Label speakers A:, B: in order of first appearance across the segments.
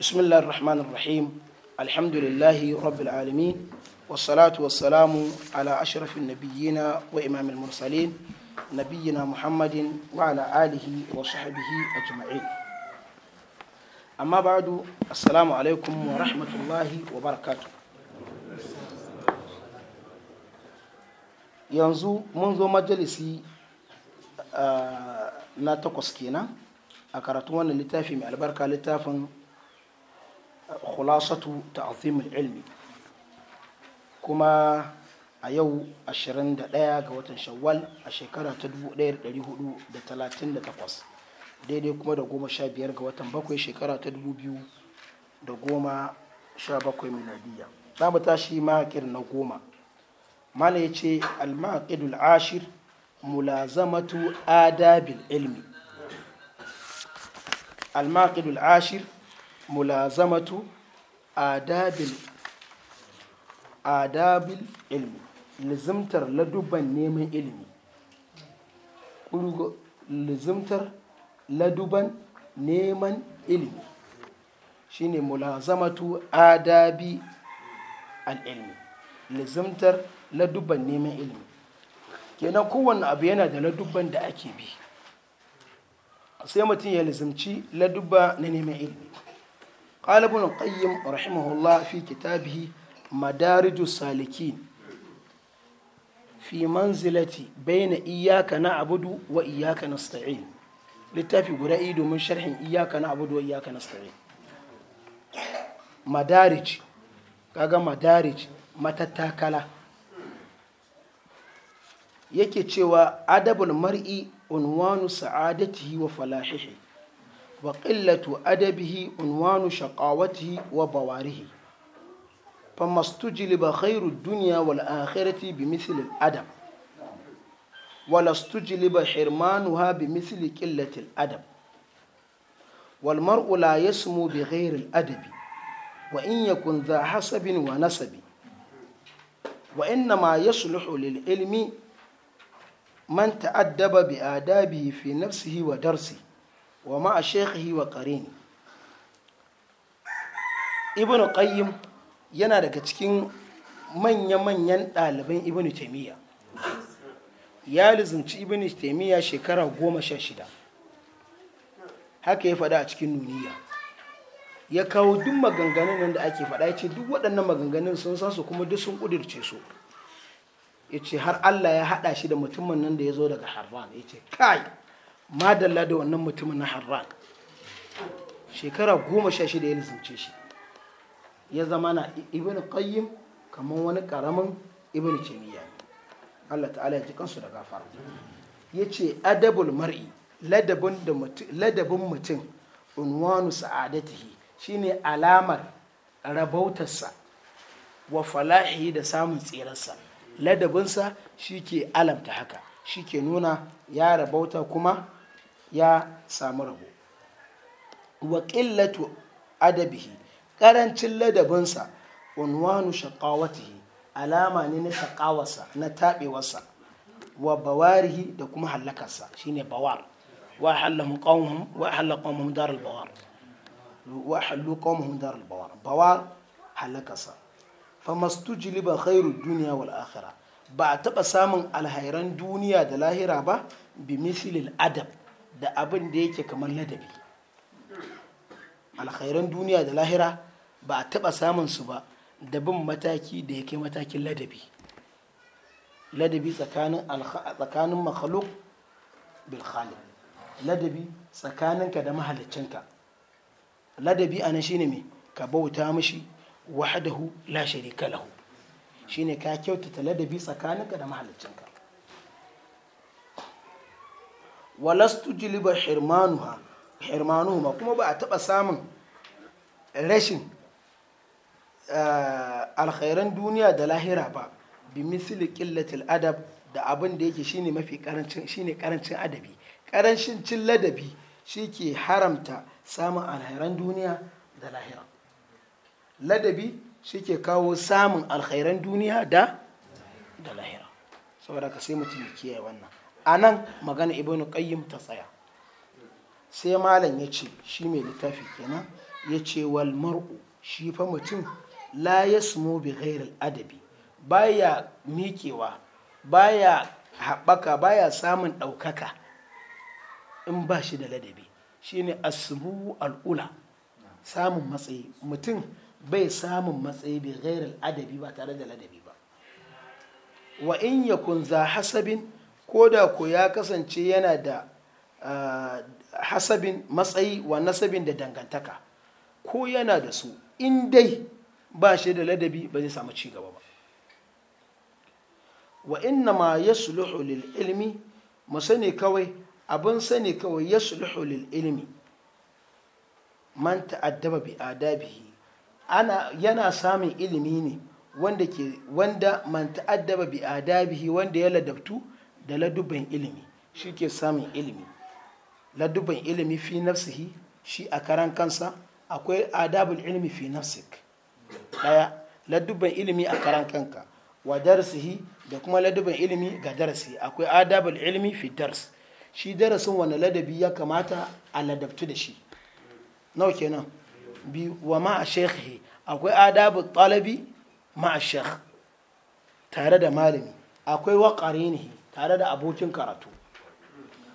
A: بسم الله الرحمن الرحيم الحمد لله رب العالمين والصلاة والسلام على أشرف النبيين وإمام المرسلين نبينا محمد وعلى آله وصحبه أجمعين أما بعد السلام عليكم ورحمة الله وبركاته yanzu mun zo majalisi na takwas kenan a karatun wannan littafi mai albarka littafin khulasatu ta'zimul ilmi kuma a yau 21 ga watan shawwal a shekara ta 1438 daidai kuma da goma sha biyar ga watan bakwai shekara ta dubu biyu da goma sha bakwai za mu tashi makir na goma mala ya ce almakidul ashir mulazamatu adabil ilmi almakidul ashir mulazamatu adabil adabil ilmi lizimtar dubban neman ilimi lizimtar laduban neman ilimi shine mulazamatu adabi al'ilmi lizimtar ladubban neman ilimi kenan kowanne abu yana da dubban da ake bi sai mutum ya lizimci ladubba na neman ilimi قال ابن القيم رحمه الله في كتابه fi manzilati baina منزلة بين إياك نعبد وإياك نستعين littafi guda ido mun sharhin iyaka na abu wa iyaka na stare madarij kaga madarij matattakala yake cewa adabul mar'i unwanu sa'adatihi wa falahihi wa qillatu adabihi unwanu shaqawatihi wa bawarihi famastujliba khairu dunya wal akhirati bimithli al adab ولا استجلب حرمانها بمثل قلة الأدب والمرء لا يسمو بغير الأدب وإن يكن ذا حسب ونسب وإنما يصلح للعلم من تأدب بآدابه في نفسه ودرسه wa ma'a shekhihi wa qarin ibn qayyim yana daga cikin manya-manyan ɗaliban ibn taimiyya ya lizinci ibn taimiyya shekara goma sha shida haka ya faɗa a cikin nuniya ya kawo duk maganganun nan da ake faɗa ya ce duk waɗannan maganganun sun san su kuma duk sun ƙudurce su ya ce har allah ya haɗa shi da mutumin nan da ya zo daga harban ya ce kai madalla da wannan mutumin na harran shekara goma sha shida ya zance shi ya zama na ibn qayyim kamar wani karamin ibn taymiya Allah ta'ala ya ji kansu da gafara ya ce adabul mar'i ladabin mutum unwanu sa'adatihi shine alamar rabautarsa wa falahi da samun tsirarsa ladabinsa shi ke alamta haka shi ke nuna ya rabauta kuma ya samu rabo wa qillatu adabihi ƙarancin ladabinsa unwanu shaƙawatihi alama ne na shaqawarsa na taɓewarsa wa bawarihi da kuma hallakarsa shine bawar wa halahum qawmuhum wa halal qawmuhum dar bawar wa halu qawmuhum dar bawar bawar hallakarsa famastujliba khairu dunya wal akhirah ba a taɓa samun alhairan duniya da lahira ba bi mislil adab da abin da yake kamar ladabi alkhairan duniya da lahira ba a taɓa samun su ba da bin mataki da ya kai matakin ladabi ladabi tsakanin makhluk bil ladabi tsakaninka da mahalicinka ladabi a nan shine mai ka bauta mishi wahdahu la sharika lahu shine ka kyautata ladabi tsakaninka da mahalicinka walastu jiliba hirmanuhuma kuma ba a taɓa samun rashin eh, alkhairan duniya da lahira ba bi misili ƙillatil adab da abin da yake shine mafi karancin shine karancin adabi karancin cin ladabi shike haramta samun alkhairan duniya da lahira ladabi ke kawo samun alkhairan duniya da da lahira saboda ka sai mutum ya kiyaye wannan a nan magana ibn qayyim ta tsaya sai malam ya ce shi mai littafi kenan ya ce wal mar'u shi fa mutum la yasmu bi ghairil adabi baya mikewa baya haɓaka baya samun ɗaukaka in ba shi da ladabi shine asbu al'ula samun matsayi mutum bai samun matsayi bi ghairil adabi ba tare da ladabi ba wa in yakun za hasabin ko da ko ya kasance yana da hasabin matsayi wa nasabin da dangantaka ko yana da su in dai ba shi da ladabi ba zai samu cigaba ba wa inna ma ya suluhu lil ilmi mu sani kawai abin sani kawai ya suluhu lil ilmi man ta'addaba bi adabihi ana yana samun ilimi ne wanda ke wanda man ta'addaba bi adabihi wanda ya ladabtu da ladubban ilimi shi ke samun ilimi ladubban ilimi fi nafsihi shi a karan kansa akwai adabul ilimi fi nafsik daya ladubban ilimi a karan kanka wa darsihi da kuma ladubban ilimi ga darsi akwai adabul ilimi fi dars shi darasin wani ladabi ya kamata a ladabtu da shi nawa kenan bi wa ma a shekhi akwai adabul talabi ma a shekh tare da malami akwai waƙari tare da abokin karatu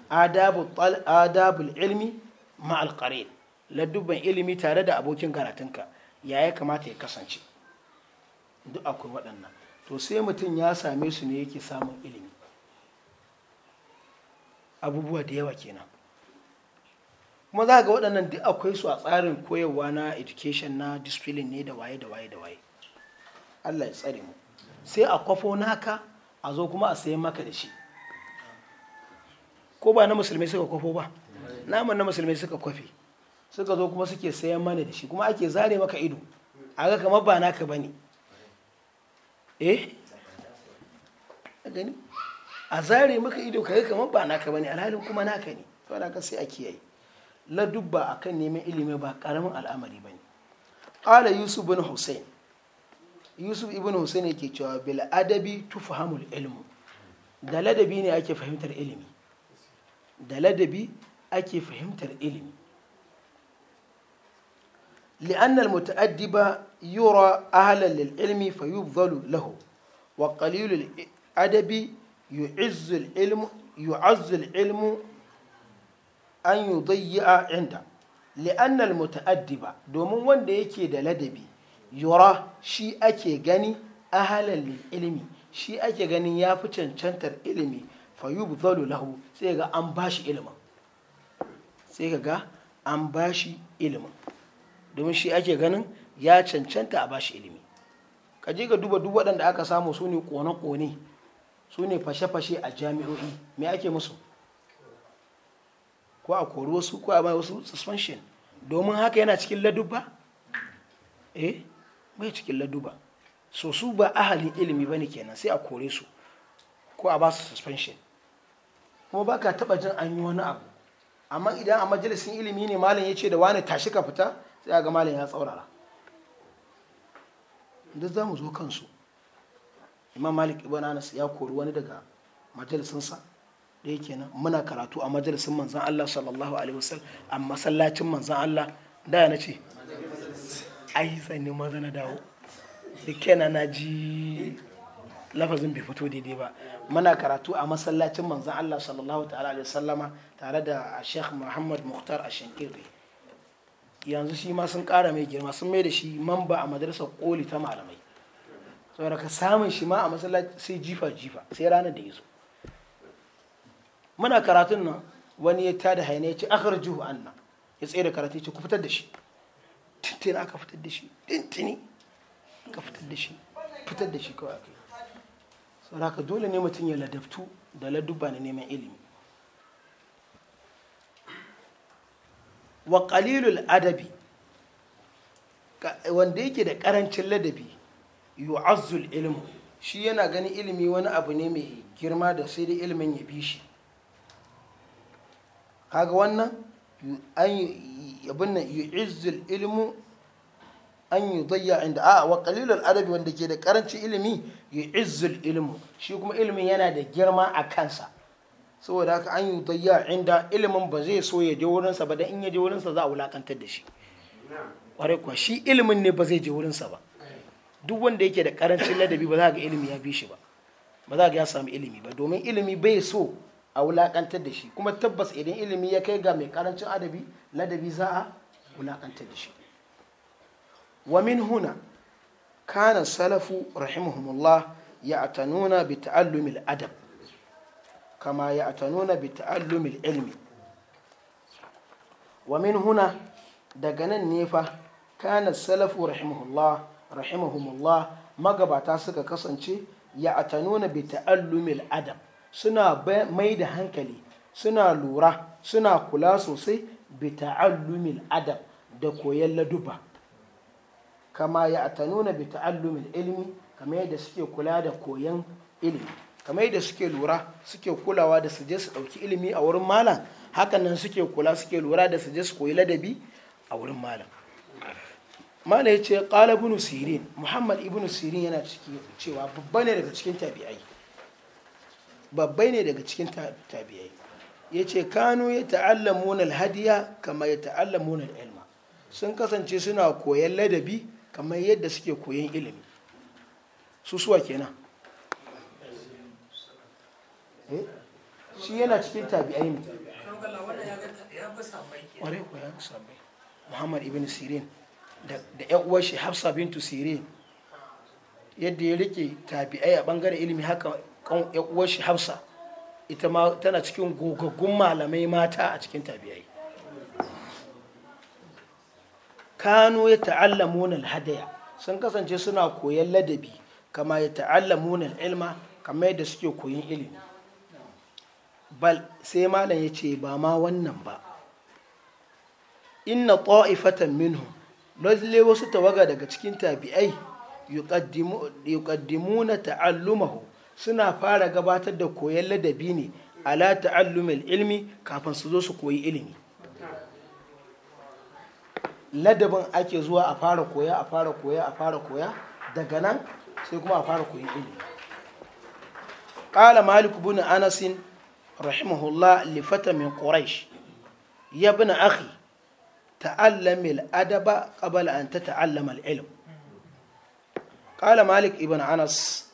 A: adabul ilmi ma'al ladubban ilimi tare da abokin karatunka ya ya kamata ya kasance duk akwai waɗannan to sai mutum ya same su ne yake samun ilimi abubuwa da yawa kenan kuma za ga waɗannan duk akwai su a tsarin koyarwa na education na discipline ne da waye da waye da waye Allah ya tsare mu sai a kwafo naka a zo kuma a sayan maka da shi ko ba na musulmi suka kwafo ba naman na musulmi suka kwafi. suka zo kuma suke sayan mana da shi kuma ake zare maka ido a ga kamar ba naka ne. eh gani a zare maka ido ka ga kamar ba naka ne. alhalin kuma naka ne ba da ka sai a kiyaye ladubba akan neman ilimi ba karamin al'amari ba ne qala yusuf bin hussein yusuf ibn husaini ke cewa bil adabi tufhamul ilmu da ladabi ne ake fahimtar ilimi da ladabi ake fahimtar ilimi li'anna al-muta'addiba yura ahlan lil ilmi fayubdhalu lahu wa qalilul adabi yu'izzu al-ilmu yu'azzu al-ilmu an yudayya 'inda li'anna al-muta'addiba domin wanda yake da ladabi yura shi ake gani ahalan ilimi shi ake ganin ya fi cancantar ilimi fayubzalu lahu sai ga an bashi ilimin sai ga an shi ilimin domin shi ake ganin ya cancanta a ba shi ilimi ka je ga duba duk waɗanda aka samu su ne ƙone-ƙone su ne fashe-fashe a jami'o'i me ake musu ko a kori wasu ko a bai wasu suspension domin haka yana cikin ladubba eh bai cikin laduba so su ba ahalin ilimi ba ne kenan sai a kore su ko a ba su suspension kuma ba ka taɓa jin an yi wani abu amma idan a majalisin ilimi ne malam ya ce da wani tashi ka fita sai a ga malam ya tsaurara da za mu zo kansu imam malik ibn anas ya kori wani daga majalisinsa da yake nan muna karatu a majalisin manzan allah sallallahu alaihi wasallam a masallacin manzan allah da ya na ai sai maza na dawo da kenan na ji lafazin bai fito daidai ba muna karatu a masallacin manzan Allah sallallahu ta'ala alaihi sallama tare da Sheikh Muhammad Mukhtar Ashankiri yanzu shi ma sun ƙara mai girma sun mai da shi mamba a madrasar koli ta malamai saboda ka samun shi ma a masallaci sai jifa jifa sai ranar da yazo muna karatun nan wani ya tada haina ya ce akhrijuhu anna ya tsaye da karatu ya ce ku fitar da shi tintini aka fitar da shi tintini aka fitar da shi fitar da shi kawai aka yi dole ne mutum ya ladabtu da ladubba na neman ilimi wa qalilul adabi wanda yake da karancin ladabi yu'azzul ilimu shi yana ganin ilimi wani abu ne mai girma da sai da ilimin ya bi shi kaga wannan an abin nan yu'izzul ilmu an yi zayya inda a wa kalilar adabi wanda ke da karanci ilimi yu'izzul ilmu shi kuma ilimin yana da girma a kansa saboda haka an yi zayya inda ilimin ba zai so ya je wurinsa ba da in ya je wurinsa za a wulakantar da shi kwarai kuwa shi ilimin ne ba zai je wurinsa ba duk wanda yake da karancin ladabi ba za ga ilimi ya bi shi ba ba za ga ya samu ilimi ba domin ilimi bai so a wulakantar da shi kuma tabbas idan ilimi ya kai ga mai karancin adabi ladabi za a wulakantar da shi wa min huna kana salafu rahimahumullah ya'tanuna bi ta'allumil adab kama ya'tanuna bi ta'allumil ilmi wa min huna daga nan ne fa kana salafu rahimahullah rahimahumullah magabata suka kasance ya atanuna bi ta'allumil adab suna mai da hankali suna lura suna kula sosai bi ta'allumil adab da koyon laduba kama ya atanuna bi ta'allumil ilmi kama yadda suke kula da koyon ilimi kama yadda suke lura suke kulawa da suje su ɗauki ilimi a wurin malam hakan nan suke kula suke lura da suje su koyi ladabi a wurin malam malam ya ce ƙala ibn sirin muhammad ibn sirin yana ciki cewa babba ne daga cikin tabi'ai babbai ne daga cikin tabiyai ya ce kanu ya ta'allamun alhadiya kamar ya ta'allamun ilma sun kasance suna koyan ladabi kamar yadda suke koyan ilimi su suwa kenan eh? shi yana cikin tabi'ai ne ƙwarai ko ya sabai muhammad ibn sirin da ya uwar shi hafsa bintu sirin yadda ya rike tabi'ai a bangare ilimi haka uwar shi hafsa ita ma tana cikin gogaggun malamai mata a cikin tabi'ai Kano ya ta'allamun hadaya sun kasance suna koyan ladabi kama ya ta'allamun ilma kamar yadda suke koyin ilimi bal sai malam ya ce ba ma wannan ba inna ta'ifatan minhum lalle wasu tawaga daga cikin tabi'ai yuqaddimuna ta'allumahu suna fara gabatar da koyon ladabi ne ala ta'allumil ilmi kafin su zo su koyi ilimi ladabin ake zuwa a fara koya a fara koya a fara koya daga nan sai kuma a fara koyi ilimi qala malik ibn anasin rahimahullah lifata min quraish ya ibn akhi ta'allam al adaba qabla an ta al ilm qala malik ibn anas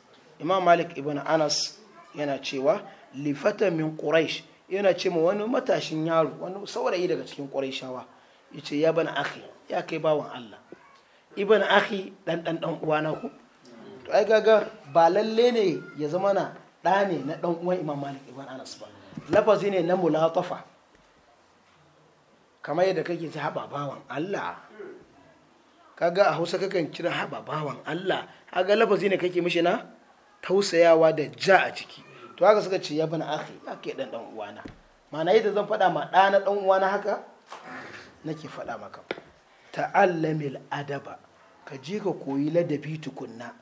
A: imam malik ibn anas yana cewa lifata min quraish yana ce wani matashin yaro wani saurayi daga cikin quraishawa yace ya bana akhi ya kai bawan allah ibn akhi dan dan dan uwana ku to ai gaga ba lalle ne ya zama na ɗa ne na dan uwan imam malik ibn anas ba lafazi ne na mulatafa kamar yadda kake ta haɓa bawan allah kaga a hausa kakan kira haba bawan allah kaga lafazi ne kake mishi na tausayawa da ja a ciki to haka suka ce ya bani akhi ya ke dan dan uwana ma'ana yadda zan faɗa ma ɗana dan uwana haka nake faɗa maka ta'allamil adaba ka je ka koyi ladabi tukunna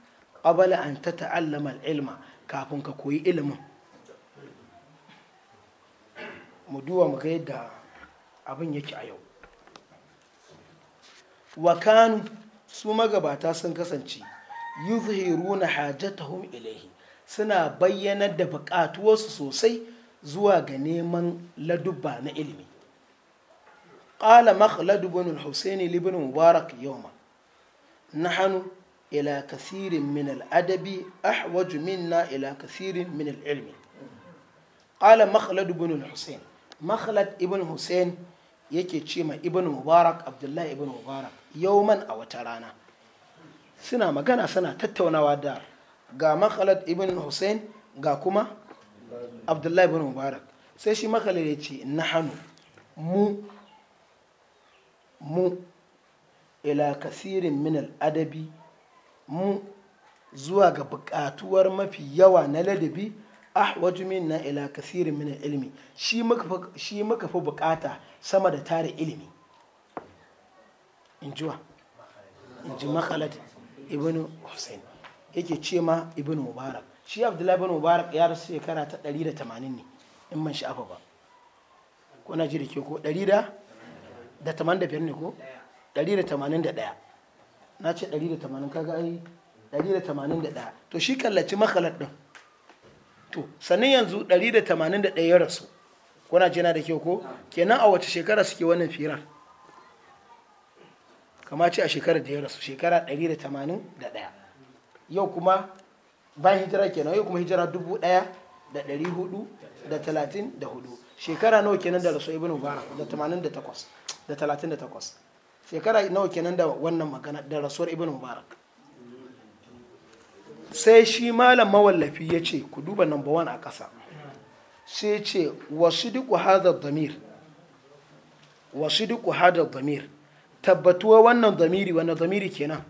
A: qabala an ta ta'allama ilma kafin ka koyi ilimin mu duwa mu ga yadda abin yake a yau wa kanu su magabata sun kasance yuzhiruna hajatahum ilaihi suna bayyanar da buƙatuwarsu sosai zuwa ga neman ladubba na ilimi qala makhlad ibn al-husayn ibn mubarak yawma nahnu ila kathirin min al-adabi ahwaju minna ila kathirin min al-ilmi qala makhlad ibn al-husayn makhlad ibn husayn yake ce ma ibn mubarak abdullahi ibn mubarak yawman a wata rana suna magana suna tattaunawa da ga makhalad ibn hussein ga kuma abdullahi ibn mubarak sai shi makhalad ya ce na hannu mu mu ila kasirin minal adabi mu zuwa ga bukatuwar mafi yawa na ladabi ahwaju na ila kasirin min ilimi shi muka shi muka fi bukata sama da tare ilimi in jiwa in ji makhalad ibn hussein yake ce ma ibn mubarak shi abdullahi ibn mubarak ya rasu shekara ta 180 ne in man sha'afa ba ko na ji da ke ko 185 ne ko 181 na ce 180 kaga ai 181 to shi kallaci makalar din to sannan yanzu 181 ya rasu kuna jina da ke ko kenan a wace shekara suke wannan firar kama ce a shekarar da ya rasu shekara 181 yau kuma bayan hijira kenan yau kuma hijira 1434 shekara nawa kenan da rasu ibn mubarak da 88 da 38 shekara nawa kenan da wannan magana da rasuwar ibn mubarak sai shi malam mawallafi ya ce ku duba number one a ƙasa sai ce wasu duk hadar damir wasu duk hadar damir tabbatuwa wannan zamiri wannan zamiri kenan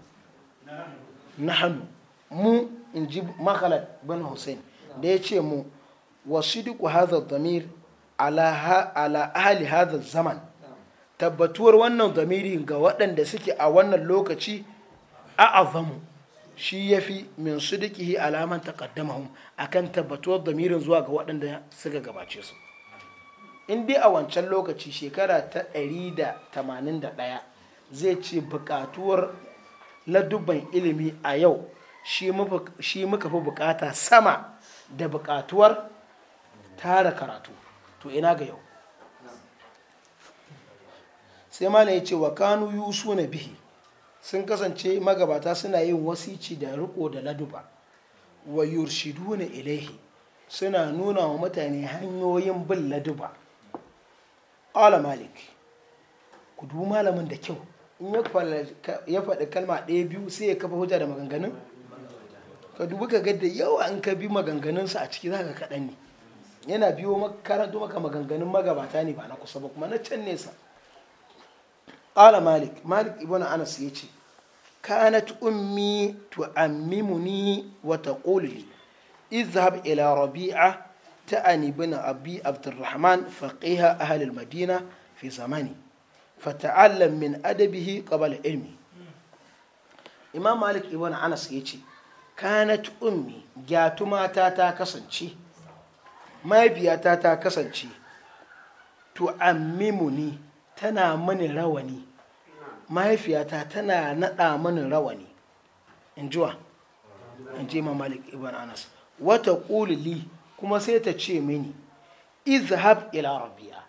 A: na hannu mu in ji makhalad bin hussein da ya ce mu wasu duk haza zamir ala ahali haza zaman tabbatuwar wannan zamiri ga waɗanda suke a wannan lokaci a azamu shi ya fi min su dukihi alaman a kan tabbatuwar zamirin zuwa ga waɗanda suka gabace su in dai a wancan lokaci shekara ta 181 zai ce bukatuwar ladubban ilimi a yau shi muka fi buƙata sama da buƙatuwar tara karatu to ina ga yau sai malam ya ce wa kanu yusu na bihi sun kasance magabata suna yin wasici da riko da laduba wa na ilaihi suna nuna wa mutane hanyoyin bin laduba ala malik ku du malamin da kyau in ya faɗi kalma ɗaya biyu sai ya kafa hujja da maganganun ka dubi ka ga da yawa in ka bi maganganun sa a ciki za ka kaɗan ne yana biyo makarantu maka maganganun magabata ne ba na kusa ba kuma na can nesa ƙala malik malik ibn anas ya ce kanat ummi tu ni wa taqulli izhab ila rabi'a ta'ani bin abi abdurrahman faqiha ahli al-madina fi zamani fata'allam min adabihi ƙabal ilmi imam malik ibn anas ya ce kanat ummi gyatumata ta kasance mahaifiyata ta kasance ni tana mani rawani mahaifiyata tana naɗa mani rawani in jiwa in ji imam malik ibn anas wata ƙulili kuma sai ta ce mini izhab ila rabbiya